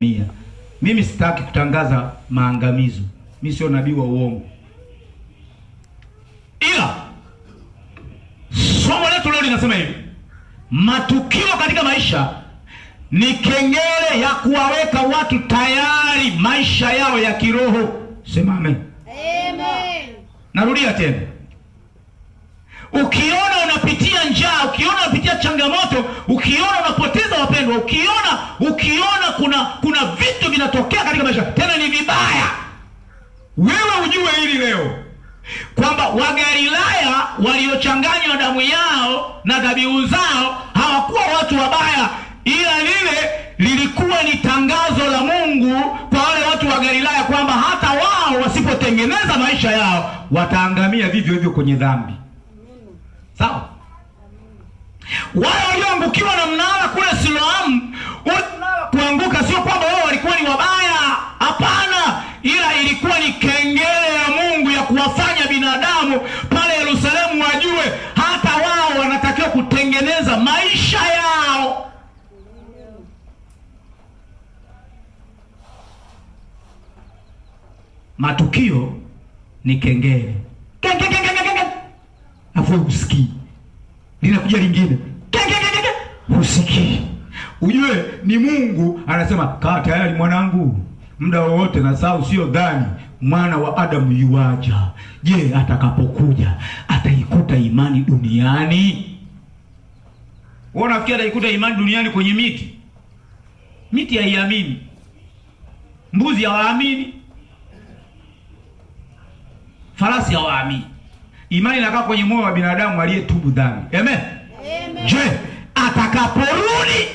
Mia. Mimi sitaki kutangaza maangamizo. Mimi sio nabii wa uongo, ila somo letu leo linasema hivi, matukio katika maisha ni kengele ya kuwaweka watu tayari maisha yao ya kiroho. Sema amen. Amen. Narudia tena, ukiona ambacho ukiona unapoteza wapendwa, ukiona ukiona kuna kuna vitu vinatokea katika maisha tena ni vibaya, wewe ujue hili leo kwamba Wagalilaya waliochanganywa damu yao na dhabihu zao hawakuwa watu wabaya, ila lile lilikuwa ni tangazo la Mungu kwa wale watu wa Galilaya kwamba hata wao wasipotengeneza maisha yao wataangamia vivyo hivyo kwenye dhambi. Sawa, wale ukiwa na mnara kule Siloamu, kuanguka sio kwamba wao walikuwa ni wabaya, hapana, ila ilikuwa ni kengele ya Mungu ya kuwafanya binadamu pale Yerusalemu wajue hata wao wanatakiwa kutengeneza maisha yao. Matukio ni kengele, kengele, kengele, kengele, afu usikii linakuja lingine riziki. Ujue ni Mungu anasema, kaa tayari mwanangu, muda wowote na saa usio dhani mwana wa Adamu yuaja. Je, atakapokuja ataikuta imani duniani? Wewe unafikiri ataikuta imani duniani kwenye miti? Miti haiamini, mbuzi hawaamini, farasi hawaamini. Imani inakaa kwenye moyo wa binadamu aliyetubu dhambi. Amen. Amen. Je, atakaporudi,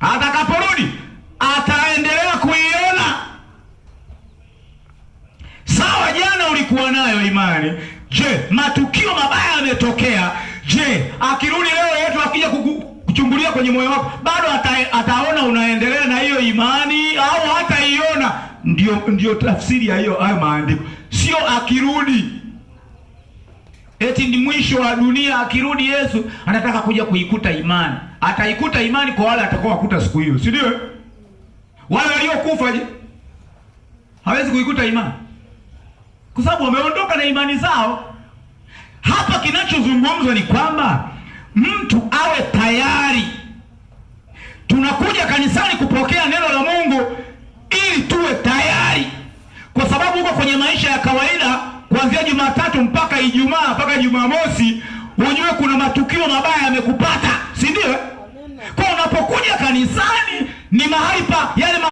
atakaporudi ataendelea kuiona. Sawa, jana ulikuwa nayo imani. Je, matukio mabaya yametokea? Je, akirudi leo yetu akija kuchungulia kwenye moyo wako bado ata, ataona unaendelea na hiyo imani au hataiona? Ndio, ndio tafsiri ya hiyo hayo maandiko, sio akirudi eti ni mwisho wa dunia. Akirudi Yesu anataka kuja kuikuta imani ataikuta imani kwa wale kukuta siku hiyo, si ndio? Wale waliokufa je, hawezi kuikuta imani kwa sababu wameondoka na imani zao. Hapa kinachozungumzwa ni kwamba mtu awe tayari. Tunakuja kanisani kupokea neno la Mungu ili tuwe tayari, kwa sababu huko kwenye maisha ya kawaida, kuanzia Jumatatu mpaka Ijumaa mpaka Jumamosi, wenyewe kuna matukio mabaya yamekupata sindio? Kwa unapokuja kanisani ni mahali pa yale